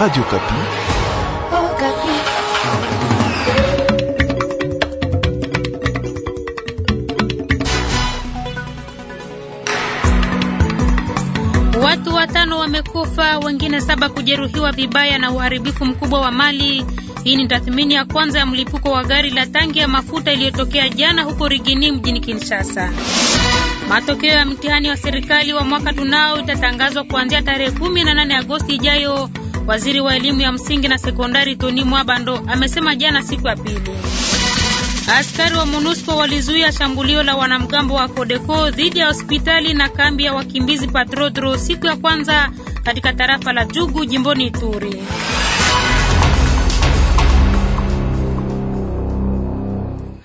Radio Kapi. Oh, Kapi. Watu watano wamekufa, wengine saba kujeruhiwa vibaya na uharibifu mkubwa wa mali. Hii ni tathmini ya kwanza ya mlipuko wa gari la tangi ya mafuta iliyotokea jana huko Rigini mjini Kinshasa. Matokeo ya mtihani wa serikali wa mwaka tunao itatangazwa kuanzia tarehe 18 Agosti ijayo. Waziri wa elimu ya msingi na sekondari toni Mwabando amesema jana siku ya pili. Askari wa MONUSCO walizuia shambulio la wanamgambo wa Codeco dhidi ya hospitali na kambi ya wakimbizi Patrodro siku ya kwanza katika tarafa la Jugu jimboni Ituri.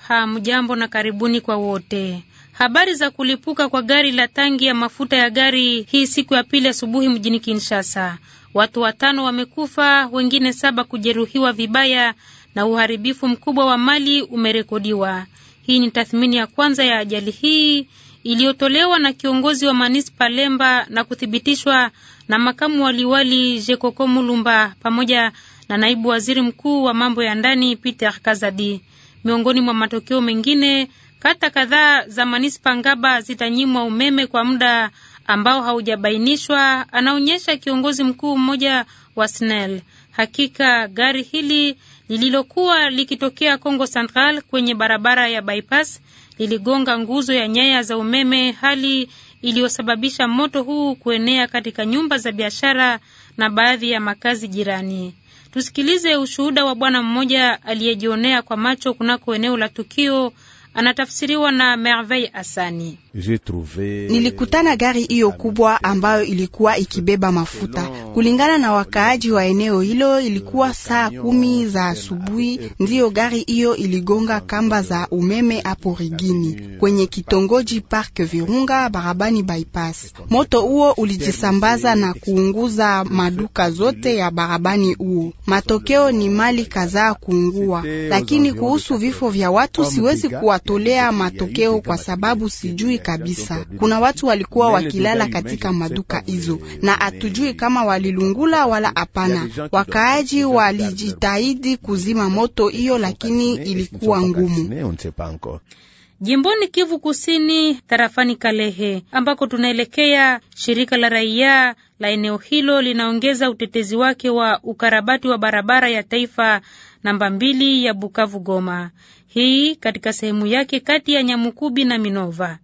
Hamjambo na karibuni kwa wote. Habari za kulipuka kwa gari la tangi ya mafuta ya gari hii siku ya pili asubuhi mjini Kinshasa. Watu watano wamekufa, wengine saba kujeruhiwa vibaya na uharibifu mkubwa wa mali umerekodiwa. Hii ni tathmini ya kwanza ya ajali hii iliyotolewa na kiongozi wa manispa Lemba na kuthibitishwa na makamu waliwali Jekoko Mulumba pamoja na naibu waziri mkuu wa mambo ya ndani Peter Kazadi. Miongoni mwa matokeo mengine Kata kadhaa za manispa Ngaba zitanyimwa umeme kwa muda ambao haujabainishwa, anaonyesha kiongozi mkuu mmoja wa SNEL. Hakika gari hili lililokuwa likitokea Congo Central kwenye barabara ya bypass liligonga nguzo ya nyaya za umeme, hali iliyosababisha moto huu kuenea katika nyumba za biashara na baadhi ya makazi jirani. Tusikilize ushuhuda wa bwana mmoja aliyejionea kwa macho kunako eneo la tukio anatafsiriwa na Merveille Asani. Nilikutana gari hiyo kubwa ambayo ilikuwa ikibeba mafuta. Kulingana na wakaaji wa eneo hilo, ilikuwa saa kumi za asubuhi ndiyo gari hiyo iligonga kamba za umeme hapo Rigini, kwenye kitongoji Park Virunga, barabani bypass. Moto huo ulijisambaza na kuunguza maduka zote ya barabani huo. Matokeo ni mali kadhaa kuungua, lakini kuhusu vifo vya watu siwezi kuwatolea matokeo kwa sababu sijui kabisa. Kuna watu walikuwa wakilala katika maduka hizo, na hatujui kama walilungula wala hapana. Wakaaji walijitahidi kuzima moto hiyo, lakini ilikuwa ngumu. Jimboni Kivu Kusini, tarafani Kalehe ambako tunaelekea, shirika la raia la eneo hilo linaongeza utetezi wake wa ukarabati wa barabara ya taifa namba mbili ya Bukavu Goma, hii katika sehemu yake kati ya Nyamukubi na Minova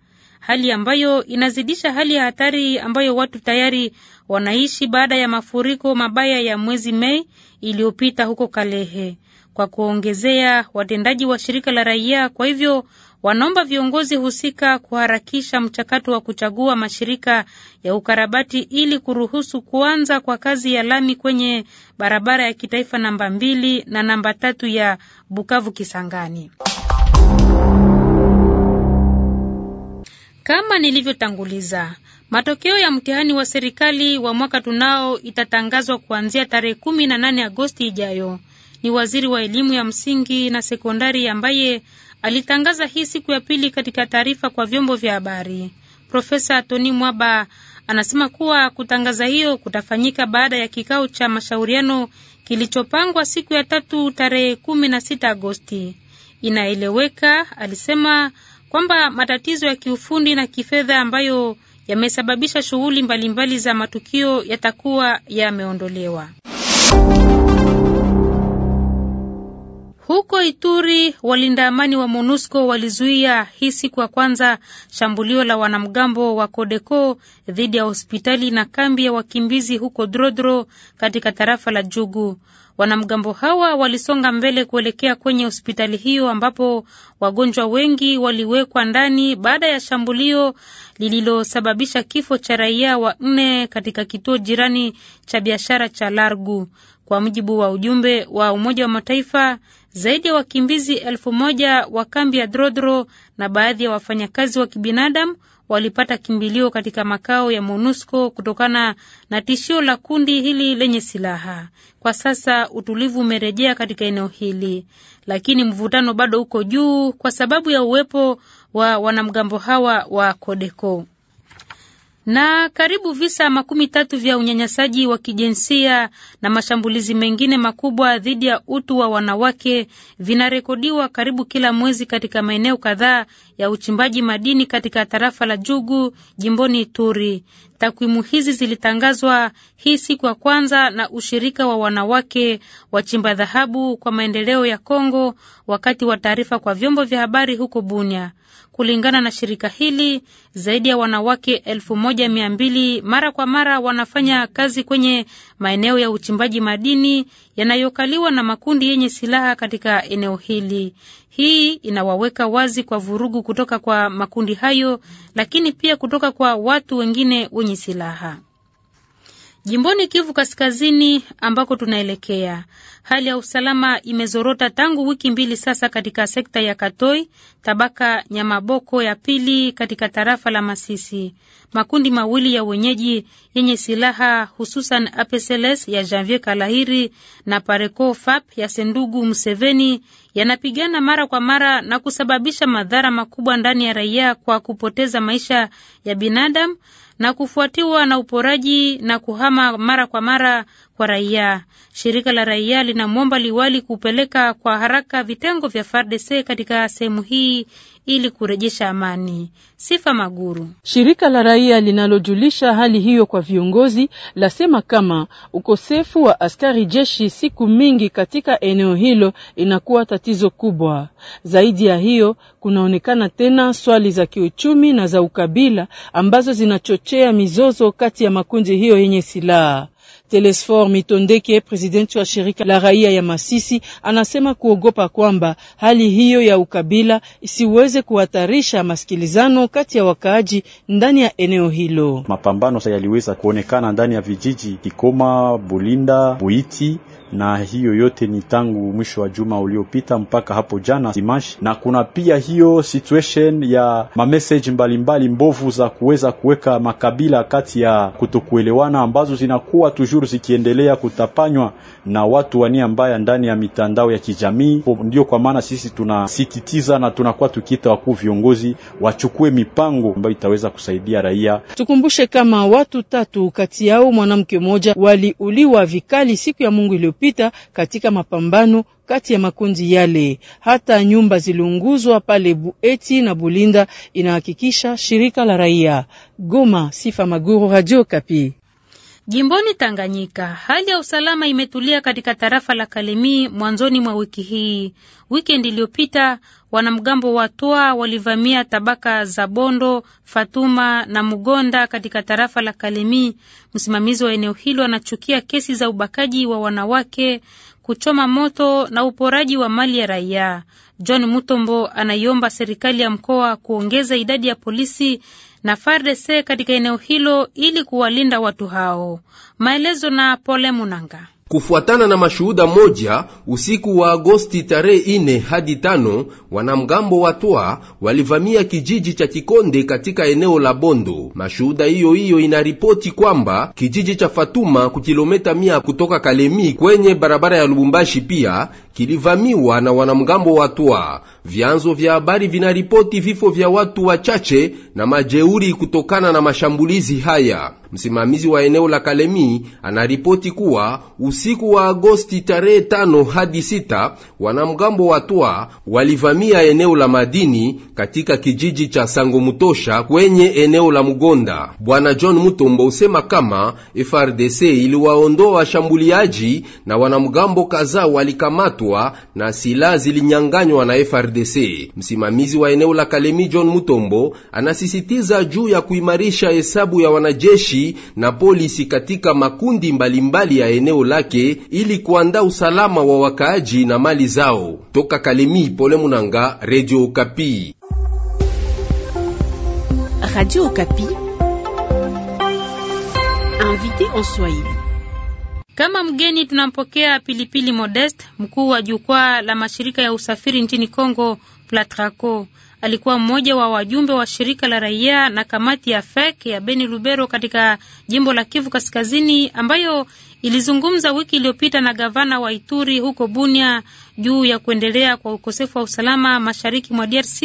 hali ambayo inazidisha hali ya hatari ambayo watu tayari wanaishi baada ya mafuriko mabaya ya mwezi Mei iliyopita huko Kalehe. Kwa kuongezea, watendaji wa shirika la raia kwa hivyo wanaomba viongozi husika kuharakisha mchakato wa kuchagua mashirika ya ukarabati ili kuruhusu kuanza kwa kazi ya lami kwenye barabara ya kitaifa namba mbili na namba tatu ya Bukavu Kisangani. Kama nilivyotanguliza, matokeo ya mtihani wa serikali wa mwaka tunao itatangazwa kuanzia tarehe kumi na nane Agosti ijayo. Ni waziri wa elimu ya msingi na sekondari ambaye alitangaza hii siku ya pili katika taarifa kwa vyombo vya habari. Profesa Tony Mwaba anasema kuwa kutangaza hiyo kutafanyika baada ya kikao cha mashauriano kilichopangwa siku ya tatu tarehe kumi na sita Agosti. Inaeleweka, alisema kwamba matatizo ya kiufundi na kifedha ambayo yamesababisha shughuli mbalimbali za matukio yatakuwa yameondolewa. Huko Ituri, walinda amani wa MONUSCO walizuia hii siku ya kwanza shambulio la wanamgambo wa CODECO dhidi ya hospitali na kambi ya wakimbizi huko Drodro katika tarafa la Jugu. Wanamgambo hawa walisonga mbele kuelekea kwenye hospitali hiyo ambapo wagonjwa wengi waliwekwa ndani baada ya shambulio lililosababisha kifo cha raia wa nne katika kituo jirani cha biashara cha Largu. Kwa mujibu wa ujumbe wa Umoja wa Mataifa, zaidi ya wakimbizi elfu moja wa kambi ya Drodro na baadhi ya wafanyakazi wa kibinadamu walipata kimbilio katika makao ya MONUSCO kutokana na tishio la kundi hili lenye silaha. Kwa sasa utulivu umerejea katika eneo hili, lakini mvutano bado uko juu kwa sababu ya uwepo wa wanamgambo hawa wa Kodeko na karibu visa makumi tatu vya unyanyasaji wa kijinsia na mashambulizi mengine makubwa dhidi ya utu wa wanawake vinarekodiwa karibu kila mwezi katika maeneo kadhaa ya uchimbaji madini katika tarafa la Jugu jimboni Ituri. Takwimu hizi zilitangazwa hii siku ya kwanza na ushirika wa wanawake wachimba dhahabu kwa maendeleo ya Kongo wakati wa taarifa kwa vyombo vya habari huko Bunia. Kulingana na shirika hili, zaidi ya wanawake elfu moja mia mbili mara kwa mara wanafanya kazi kwenye maeneo ya uchimbaji madini yanayokaliwa na makundi yenye silaha katika eneo hili. Hii inawaweka wazi kwa vurugu kutoka kwa makundi hayo, lakini pia kutoka kwa watu wengine wenye silaha. Jimboni Kivu Kaskazini ambako tunaelekea, hali ya usalama imezorota tangu wiki mbili sasa katika sekta ya Katoi, tabaka Nyamaboko ya pili katika tarafa la Masisi. Makundi mawili ya wenyeji yenye silaha hususan APCLS ya Janvier Kalahiri na Pareco FAP ya Sendugu Mseveni yanapigana mara kwa mara na kusababisha madhara makubwa ndani ya raia kwa kupoteza maisha ya binadamu na kufuatiwa na uporaji na kuhama mara kwa mara kwa raia. Shirika la raia linamwomba liwali kupeleka kwa haraka vitengo vya FARDC katika sehemu hii ili kurejesha amani. Sifa Maguru. Shirika la raia linalojulisha hali hiyo kwa viongozi lasema kama ukosefu wa askari jeshi siku mingi katika eneo hilo inakuwa tatizo kubwa. Zaidi ya hiyo, kunaonekana tena swali za kiuchumi na za ukabila ambazo zinachochea mizozo kati ya makundi hiyo yenye silaha. Telesfor Mitondeke, presidenti wa shirika la raia ya Masisi, anasema kuogopa kwamba hali hiyo ya ukabila isiweze kuhatarisha masikilizano kati ya wakaaji ndani ya eneo hilo. Mapambano yaliweza kuonekana ndani ya vijiji Kikoma, Bulinda, Buiti na hiyo yote ni tangu mwisho wa juma uliopita mpaka hapo jana Dimash, na kuna pia hiyo situation ya mamessage mbalimbali mbovu za kuweza kuweka makabila kati ya kutokuelewana ambazo zinakuwa tujuru zikiendelea kutapanywa na watu wania mbaya ndani ya mitandao ya kijamii. Ndio kwa maana sisi tunasikitiza na tunakuwa tukiita wakuu viongozi wachukue mipango ambayo itaweza kusaidia raia. Tukumbushe kama watu tatu kati yao mwanamke mmoja waliuliwa vikali siku ya Mungu iliyo iliyopita katika mapambano kati ya makundi yale. Hata nyumba ziliunguzwa pale Bueti na Bulinda, inahakikisha shirika la raia. Goma, Sifa Maguru, Radio Kapi. Jimboni Tanganyika, hali ya usalama imetulia katika tarafa la Kalemi mwanzoni mwa wiki hii. Wikendi iliyopita wanamgambo wa toa walivamia tabaka za Bondo, Fatuma na Mugonda katika tarafa la Kalemi. Msimamizi wa eneo hilo anachukia kesi za ubakaji wa wanawake, kuchoma moto na uporaji wa mali ya raia. John Mutombo anaiomba serikali ya mkoa kuongeza idadi ya polisi na FARDC katika eneo hilo ili kuwalinda watu hao. Maelezo na Pole Munanga. Kufuatana na mashuhuda moja, usiku wa Agosti tarehe ine hadi tano, wanamgambo wa Twa walivamia kijiji cha Kikonde katika eneo la Bondo. Mashuhuda hiyo hiyo inaripoti kwamba kijiji cha Fatuma kukilometa mia kutoka Kalemi kwenye barabara ya Lubumbashi pia kilivamiwa na wanamgambo wa Vyanzo vya habari vinaripoti vifo vya watu wachache na majeuri kutokana na mashambulizi haya. Msimamizi wa eneo la Kalemi anaripoti kuwa usiku wa Agosti tarehe tano hadi sita wanamgambo wa walivamia eneo la madini katika kijiji cha Sango Mutosha kwenye eneo la Mugonda. Bwana John Mutombo usema kama FRDC iliwaondoa washambuliaji na wanamgambo kadhaa walikamatwa kukamatwa na silaha zilinyanganywa na FRDC. Msimamizi wa eneo la Kalemi John Mutombo anasisitiza juu ya kuimarisha hesabu ya wanajeshi na polisi katika makundi mbalimbali mbali ya eneo lake ili kuandaa usalama wa wakaaji na mali zao. Toka Kalemi, Pole Munanga, Radio Okapi. Radio Okapi. Invité en Swahili. Kama mgeni tunampokea Pilipili modest mkuu wa jukwaa la mashirika ya usafiri nchini congo Platraco. Alikuwa mmoja wa wajumbe wa shirika la raia na kamati ya FEC ya Beni Lubero katika jimbo la Kivu Kaskazini, ambayo ilizungumza wiki iliyopita na gavana wa Ituri huko Bunia juu ya kuendelea kwa ukosefu wa usalama mashariki mwa DRC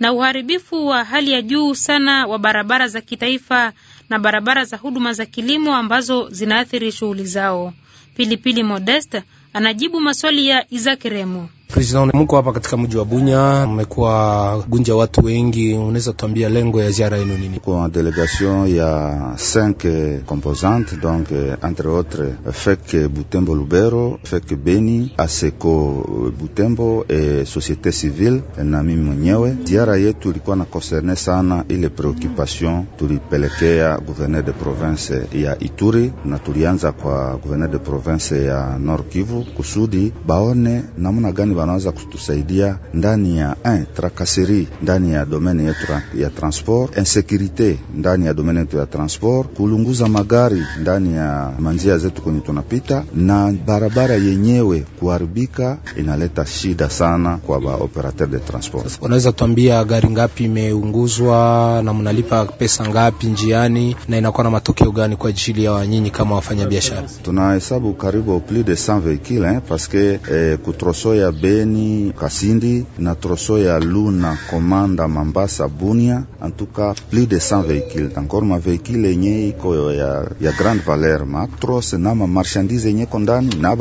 na uharibifu wa hali ya juu sana wa barabara za kitaifa na barabara za huduma za kilimo ambazo zinaathiri shughuli zao. Pilipili modest anajibu maswali ya Remo. President, mko hapa katika mji wa Bunya, mmekuwa gunja watu wengi, unaweza tuambia lengo ya ziara yenu nini? Kwa delegation ya 5 composantes donc entre autres FEC Butembo Lubero, FEC Beni, ASECO Butembo et Société civile na mimi mwenyewe. Ziara yetu ilikuwa na concerne sana ile preoccupation tulipelekea gouverneur de province ya Ituri, na tulianza kwa gouverneur de province ya Nord Kivu kusudi baone namna gani wanaweza kutusaidia ndani ya un, trakaseri ndani ya domene yetu ya transport, insekurite ndani ya domene yetu ya transport, kulunguza magari ndani ya manjia zetu kwenye tunapita na barabara yenyewe kuharibika, inaleta shida sana kwa ba operateur de transport. Unaweza tuambia gari ngapi imeunguzwa na mnalipa pesa ngapi njiani na inakuwa na matokeo gani kwa ajili ya wanyinyi kama wafanyabiashara? Tunahesabu karibu plus de 100 vehicules hein, parce que eh, kutrosoya ya Kaeni Kasindi na troso ya Luna Komanda Mambasa Bunia, antuka plus de 100 vehicules encore ma vehicle yenye iko euh, ya, ya grande valeur matros na ma marchandise yenye ko ndani na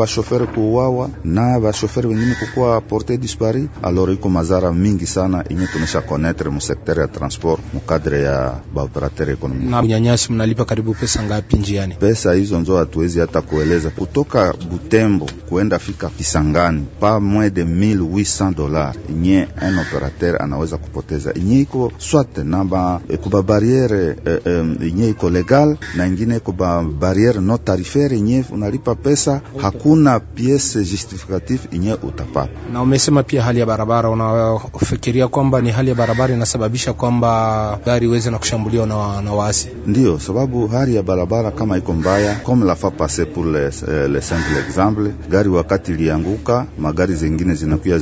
ku wawa na chauffeur wengine kukuwa porte dispari. Alors iko mazara mingi sana enye tunesha connaître mu secteur ya transport mu cadre ya baoperateur ekonomiki. Na mnyanyasi mnalipa karibu pesa ngapi njiani? Pesa hizo nzo hatuwezi hata kueleza, kutoka Butembo kuenda fika Kisangani pa mwe près de 1800 dollars nye un operateur anaweza kupoteza nye iko swat na ba eh, kuba barriere eh, eh, nye iko legal na ingine kuba barriere no tarifaire nye unalipa pesa, hakuna piese justificatif nye utapata. Na umesema pia hali ya barabara, unafikiria kwamba ni hali ya barabara inasababisha kwamba gari iweze na kushambuliwa na, na waasi? Ndio sababu hali ya barabara kama iko mbaya comme la fois passée pour les, eh, les simples exemple gari wakati lianguka magari zingine zingine zinakuya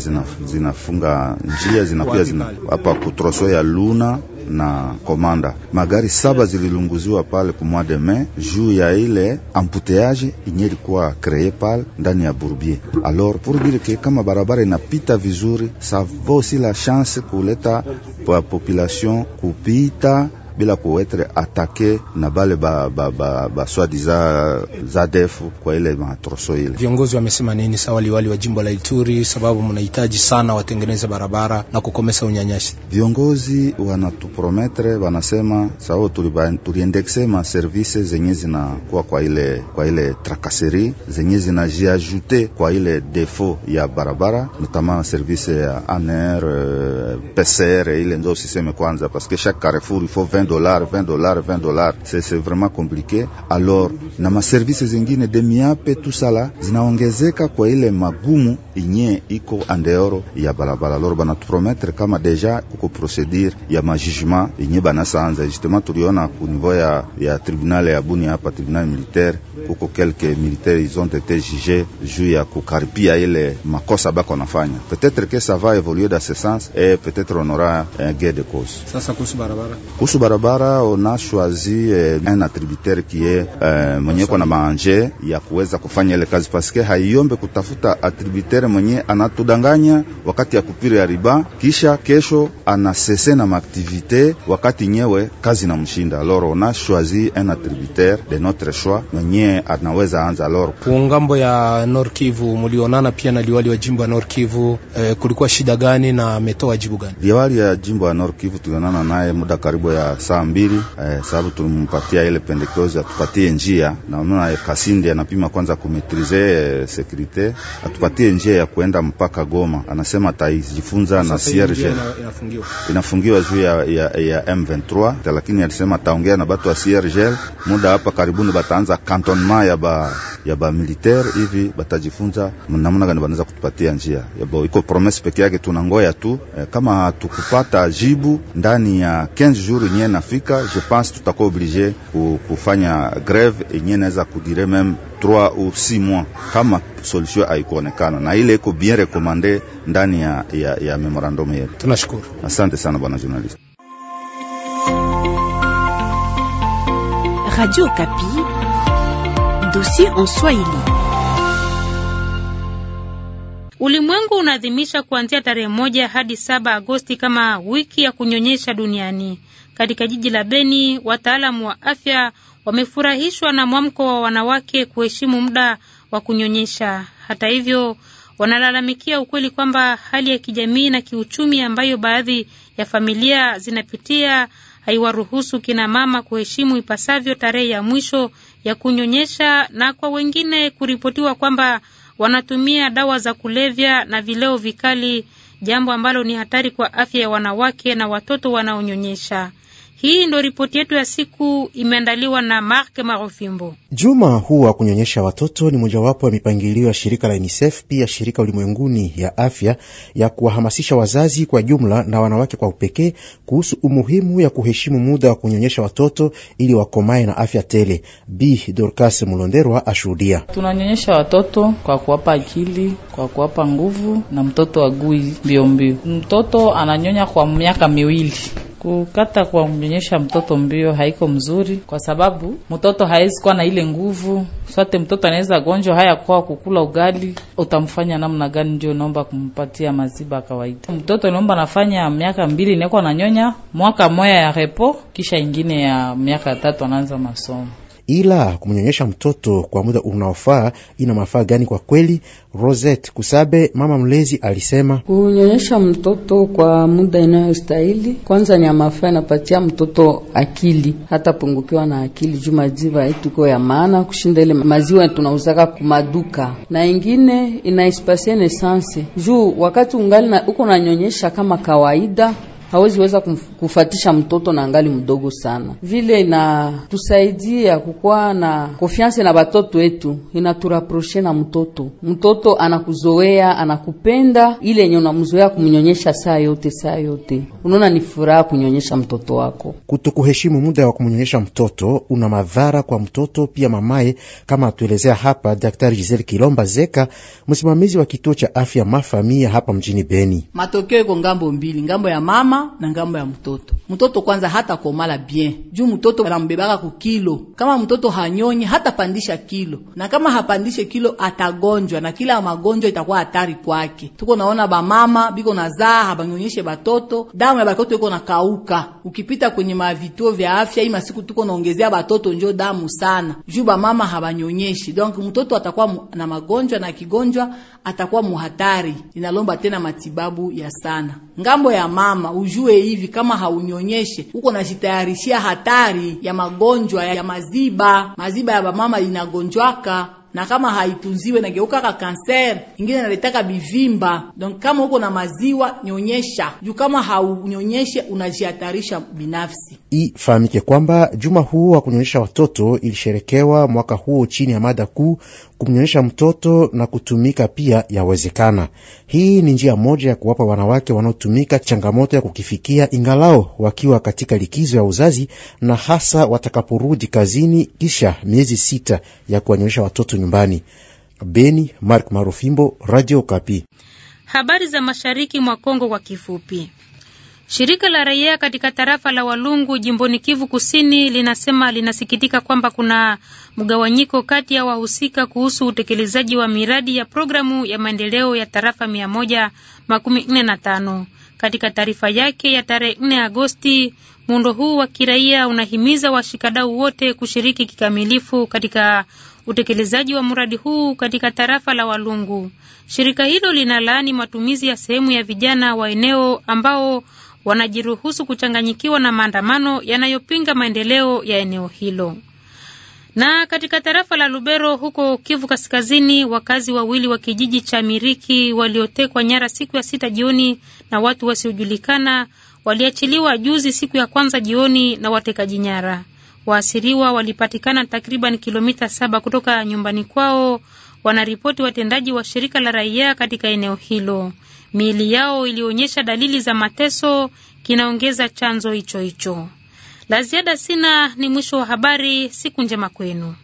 zinafunga njia zinakuya zina hapa kutroso ya Luna na Komanda. Magari saba zililunguziwa pale kumwa de mai juu ya ile amputeage inyelikuwa ilikuwa kreye pale ndani ya Bourbier. Alors pour dire que kama barabara inapita vizuri, ça vaut aussi la chance kuleta population kupita bila kuetre atake na bale ba, ba, ba, ba swadiza ZADF kwa ile matroso ile. Viongozi wamesema nini? sa waliwali wa jimbo la Ituri, sababu mnahitaji sana watengeneze barabara na kukomesa unyanyashi Viongozi wanatuprometre wanasema sawa, tuliendekse ma service zenye zinakuwa kwa ile, kwa ile trakaseri zenye zinajiajute kwa ile defo ya barabara, notamment service ya ANR PCR ile ndio usiseme kwanza, parce que chaque Carrefour il faut 20 dollars 20 dollars 20 dollars, c'est c'est vraiment compliqué. Alors na maservice zingine de miape tu sala zinaongezeka kwa ile magumu inye iko andeoro ya barabara. Alors bana tupromettre kama deja kuko procedure ya majugement inye bana saanza justement, tuliona ku niveau ya ya tribunal ya Buni hapa tribunal militaire kuko quelques militaires ils ont été jugés juu ya kukaripia ile makosa bako nafanya. Peut-être que ça va évoluer dans ce sens et peut-être maitre honora un eh, guet de cause. Sasa kuhusu barabara, kuhusu barabara ona shwazi eh, na tributaire kie eh, mwenye kwa na maanje ya kuweza kufanya ile kazi paske haiombe kutafuta atributaire mwenye anatudanganya wakati ya kupira ya riba, kisha kesho anasese na maaktivite wakati nyewe kazi na mshinda. Alors ona choisi un attributaire de notre choix mwenye anaweza anza. Alors kuungambo ya Nord Kivu mulionana pia na liwali wa jimbo ya Nord Kivu eh, kulikuwa shida gani na ametoa jibu gani? Liwali ya jimbo ya North Kivu tulionana naye muda karibu ya saa mbili eh, sababu tulimpatia ile pendekezo atupatie njia na unaona eh, Kasindi anapima kwanza kumetrize eh, sekurite atupatie njia ya kuenda mpaka Goma. Anasema atajifunza na CRG inafungiwa, juu ya, ya, ya M23, lakini alisema ataongea na batu wa CRG muda hapa karibuni bataanza cantonnement ya ba ya ba militaire hivi batajifunza namna gani wanaweza kutupatia njia ya bo. Iko promise peke yake tunangoya tu eh, kama tukupata jibu ndani ya 15 jours yenye nafika, je pense tutakuwa oblige kufanya greve yenye naweza kudire meme 3 ou 6 mois kama solution haikuonekana, na ile iko bien rekomande ndani ya, ya, ya memorandum yetu. Tunashukuru, asante sana bwana journalist. Radio Kapi, dossier en Swahili. Ulimwengu unaadhimisha kuanzia tarehe moja hadi saba Agosti kama wiki ya kunyonyesha duniani. Katika jiji la Beni, wataalamu wa afya wamefurahishwa na mwamko wa wanawake kuheshimu muda wa kunyonyesha. Hata hivyo, wanalalamikia ukweli kwamba hali ya kijamii na kiuchumi ambayo baadhi ya familia zinapitia haiwaruhusu kina mama kuheshimu ipasavyo tarehe ya mwisho ya kunyonyesha, na kwa wengine kuripotiwa kwamba wanatumia dawa za kulevya na vileo vikali, jambo ambalo ni hatari kwa afya ya wanawake na watoto wanaonyonyesha. Hii ndo ripoti yetu ya siku imeandaliwa na Mark Marofimbo. Juma huu wa kunyonyesha watoto ni mojawapo ya mipangilio ya shirika la UNICEF pia shirika ulimwenguni ya afya ya kuwahamasisha wazazi kwa jumla na wanawake kwa upekee kuhusu umuhimu ya kuheshimu muda wa kunyonyesha watoto ili wakomae na afya tele. B Dorcas Mulonderwa ashuhudia. Tunanyonyesha watoto kwa kuwapa akili, kwa kuwapa nguvu, na mtoto agui mbiombio. Mtoto ananyonya kwa miaka miwili Kukata kwa mnyonyesha mtoto mbio haiko mzuri, kwa sababu mtoto hawezi kuwa na ile nguvu sote. Mtoto anaweza gonjwa haya kwa kukula ugali, utamfanya namna gani? Ndio naomba kumpatia maziba kawaida. Mtoto naomba nafanya miaka mbili inakuwa nanyonya, mwaka moya ya repo, kisha ingine ya miaka tatu anaanza masomo ila kumnyonyesha mtoto kwa muda unaofaa ina mafaa gani? Kwa kweli, Rosette Kusabe, mama mlezi, alisema kunyonyesha mtoto kwa muda inayostahili kwanza ni mafaa, inapatia mtoto akili, hata pungukiwa na akili juu maziwa haituko ya maana kushinda ile maziwa tunauzaka kumaduka, na ingine inaispasie nesanse juu wakati ungali uko nanyonyesha kama kawaida hawezi weza kufatisha mtoto na angali mdogo sana. Vile inatusaidia kukuwa na konfianse na batoto wetu, inaturaproshe na mtoto. Mtoto anakuzoea anakupenda, ile yenye unamzoea kumnyonyesha saa yote saa yote, unaona ni furaha kunyonyesha mtoto wako. Kutokuheshimu muda wa kumnyonyesha mtoto una madhara kwa mtoto pia mamaye, kama atuelezea hapa Daktari Giselle Kilomba Zeka, msimamizi wa kituo cha afya mafamia hapa mjini Beni. Matokeo iko ngambo mbili, ngambo ya mama na ngambo ya mtoto. Mtoto kwanza hata komala bien juu mtoto anambebaka ku kilo. Kama mtoto hanyonyi hata pandisha kilo, na kama hapandishe kilo atagonjwa, na kila magonjwa itakuwa hatari kwake. Tuko naona bamama biko na zaa habanyonyeshe batoto, damu ya batoto iko na kauka. Ukipita kwenye mavituo vya afya hii masiku tuko naongezea batoto njo damu sana juu bamama habanyonyeshi, donc mtoto atakuwa na magonjwa na kigonjwa atakuwa muhatari, inalomba tena matibabu ya sana ngambo ya mama ujue hivi kama haunyonyeshe uko najitayarishia hatari ya magonjwa ya maziba. Maziba ya bamama inagonjwaka na kama haitunziwe nageukaka kanser ingine naletaka bivimba. Donc kama uko na maziwa nyonyesha, juu kama haunyonyeshe unajihatarisha binafsi. Ifahamike kwamba juma huu wa kunyonyesha watoto ilisherekewa mwaka huo chini ya mada kuu kumnyonyesha mtoto na kutumika pia yawezekana. Hii ni njia moja ya kuwapa wanawake wanaotumika changamoto ya kukifikia, ingalao wakiwa katika likizo ya uzazi, na hasa watakaporudi kazini kisha miezi sita ya kuwanyonyesha watoto nyumbani. Beni, Mark Marufimbo, Radio Kapi. Habari za mashariki mwa Kongo kwa kifupi. Shirika la raia katika tarafa la Walungu jimboni Kivu Kusini linasema linasikitika kwamba kuna mgawanyiko kati ya wahusika kuhusu utekelezaji wa miradi ya programu ya maendeleo ya tarafa mia moja makumi nne na tano. Katika taarifa yake ya tarehe 4 Agosti, muundo huu wa kiraia unahimiza washikadau wote kushiriki kikamilifu katika utekelezaji wa mradi huu katika tarafa la Walungu. Shirika hilo linalaani matumizi ya sehemu ya vijana wa eneo ambao wanajiruhusu kuchanganyikiwa na maandamano yanayopinga maendeleo ya eneo hilo. Na katika tarafa la Lubero huko Kivu Kaskazini, wakazi wawili wa kijiji cha Miriki waliotekwa nyara siku ya sita jioni na watu wasiojulikana waliachiliwa juzi siku ya kwanza jioni na watekaji nyara. Waasiriwa walipatikana takriban kilomita saba kutoka nyumbani kwao, wanaripoti watendaji wa shirika la raia katika eneo hilo miili yao ilionyesha dalili za mateso, kinaongeza chanzo hicho hicho. La ziada sina, ni mwisho wa habari. Siku njema kwenu.